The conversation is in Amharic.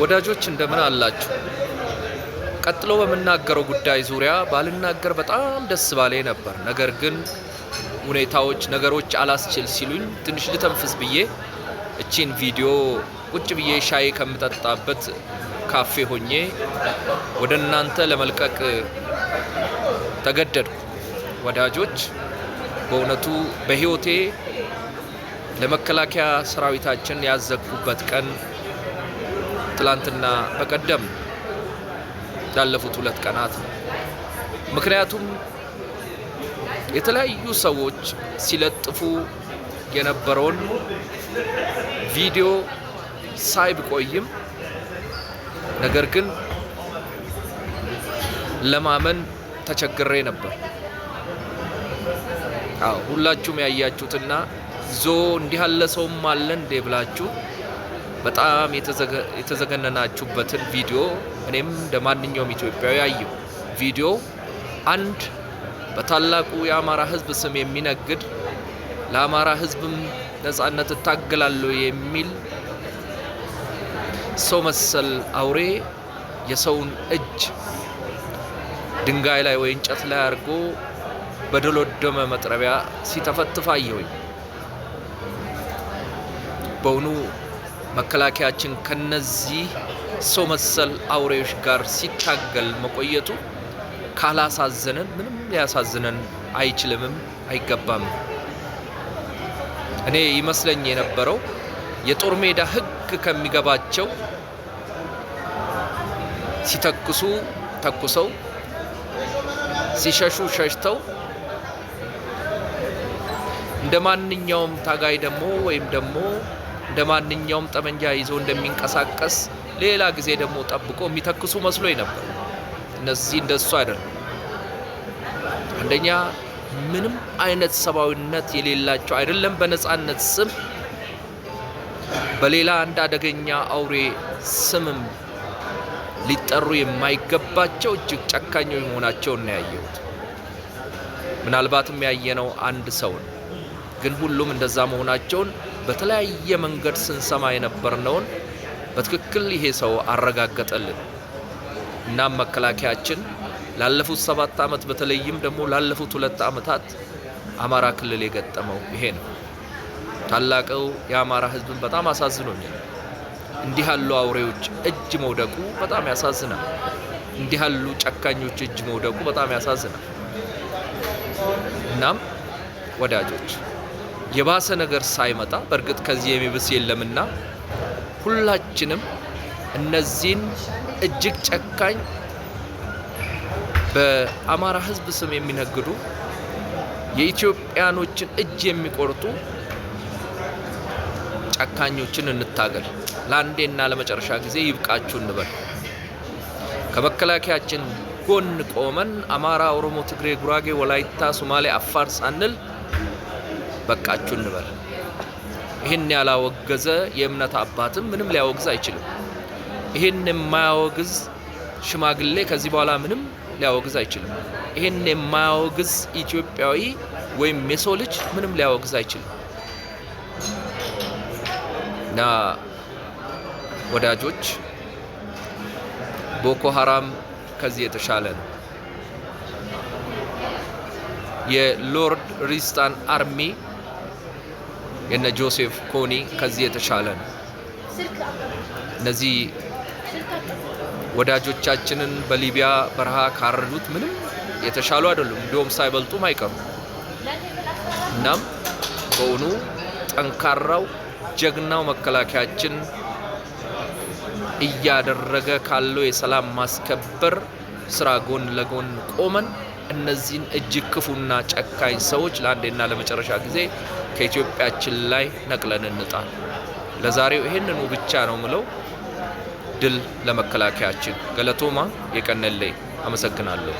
ወዳጆች እንደምን አላችሁ? ቀጥሎ በምናገረው ጉዳይ ዙሪያ ባልናገር በጣም ደስ ባሌ ነበር። ነገር ግን ሁኔታዎች፣ ነገሮች አላስችል ሲሉኝ ትንሽ ልተንፍስ ብዬ እቺን ቪዲዮ ቁጭ ብዬ ሻይ ከምጠጣበት ካፌ ሆኜ ወደ እናንተ ለመልቀቅ ተገደድኩ። ወዳጆች በእውነቱ በሕይወቴ ለመከላከያ ሰራዊታችን ያዘግኩበት ቀን ትላንትና በቀደም ላለፉት ሁለት ቀናት ምክንያቱም የተለያዩ ሰዎች ሲለጥፉ የነበረውን ቪዲዮ ሳይ ብቆይም ነገር ግን ለማመን ተቸግሬ ነበር። ሁላችሁም ያያችሁትና ዞ እንዲህ ያለ ሰውም አለ እንዴ ብላችሁ በጣም የተዘገነናችሁበትን ቪዲዮ እኔም እንደ ማንኛውም ኢትዮጵያዊ አየሁ። ቪዲዮ አንድ በታላቁ የአማራ ሕዝብ ስም የሚነግድ ለአማራ ሕዝብም ነጻነት እታገላለሁ የሚል ሰው መሰል አውሬ የሰውን እጅ ድንጋይ ላይ ወይ እንጨት ላይ አድርጎ በደሎደመ መጥረቢያ ሲተፈትፍ አየሁኝ በውኑ መከላከያችን ከነዚህ ሰው መሰል አውሬዎች ጋር ሲታገል መቆየቱ ካላሳዘነን ምንም ሊያሳዝነን አይችልምም አይገባም። እኔ ይመስለኝ የነበረው የጦር ሜዳ ሕግ ከሚገባቸው ሲተኩሱ ተኩሰው ሲሸሹ ሸሽተው እንደ ማንኛውም ታጋይ ደግሞ ወይም ደግሞ እንደ ማንኛውም ጠመንጃ ይዞ እንደሚንቀሳቀስ ሌላ ጊዜ ደግሞ ጠብቆ የሚተክሱ መስሎኝ ነበር። እነዚህ እንደሱ አይደለም። አንደኛ ምንም አይነት ሰብአዊነት የሌላቸው አይደለም። በነጻነት ስም በሌላ አንድ አደገኛ አውሬ ስምም ሊጠሩ የማይገባቸው እጅግ ጨካኞች መሆናቸውን ነው ያየሁት። ምናልባትም ያየነው አንድ ሰው ግን ሁሉም እንደዛ መሆናቸውን በተለያየ መንገድ ስንሰማ የነበርነውን በትክክል ይሄ ሰው አረጋገጠልን። እናም መከላከያችን ላለፉት ሰባት ዓመት በተለይም ደግሞ ላለፉት ሁለት ዓመታት አማራ ክልል የገጠመው ይሄ ነው። ታላቀው የአማራ ሕዝብን በጣም አሳዝኖኛል። እንዲህ ያሉ አውሬዎች እጅ መውደቁ በጣም ያሳዝናል። እንዲህ ያሉ ጨካኞች እጅ መውደቁ በጣም ያሳዝናል። እናም ወዳጆች የባሰ ነገር ሳይመጣ በእርግጥ ከዚህ የሚብስ የለምና ሁላችንም እነዚህን እጅግ ጨካኝ በአማራ ሕዝብ ስም የሚነግዱ የኢትዮጵያኖችን እጅ የሚቆርጡ ጨካኞችን እንታገል። ለአንዴና ለመጨረሻ ጊዜ ይብቃችሁ እንበል። ከመከላከያችን ጎን ቆመን አማራ፣ ኦሮሞ፣ ትግሬ፣ ጉራጌ፣ ወላይታ፣ ሶማሌ፣ አፋር ሳንል በቃችሁ እንበል። ይህን ያላወገዘ የእምነት አባትም ምንም ሊያወግዝ አይችልም። ይህን የማያወግዝ ሽማግሌ ከዚህ በኋላ ምንም ሊያወግዝ አይችልም። ይህን የማያወግዝ ኢትዮጵያዊ ወይም የሰው ልጅ ምንም ሊያወግዝ አይችልም እና ወዳጆች ቦኮ ሀራም ከዚህ የተሻለ ነው። የሎርድ ሪስታን አርሚ የነ ጆሴፍ ኮኒ ከዚህ የተሻለ ነው። እነዚህ ወዳጆቻችንን በሊቢያ በረሃ ካረዱት ምንም የተሻሉ አይደሉም፣ እንዲሁም ሳይበልጡም አይቀሩም። እናም በእውኑ ጠንካራው ጀግናው መከላከያችን እያደረገ ካለው የሰላም ማስከበር ስራ ጎን ለጎን ቆመን እነዚህን እጅግ ክፉና ጨካኝ ሰዎች ለአንዴና ለመጨረሻ ጊዜ ከኢትዮጵያችን ላይ ነቅለን እንጣል። ለዛሬው ይህንኑ ብቻ ነው ምለው። ድል ለመከላከያችን። ገለቶማ የቀነሌ አመሰግናለሁ።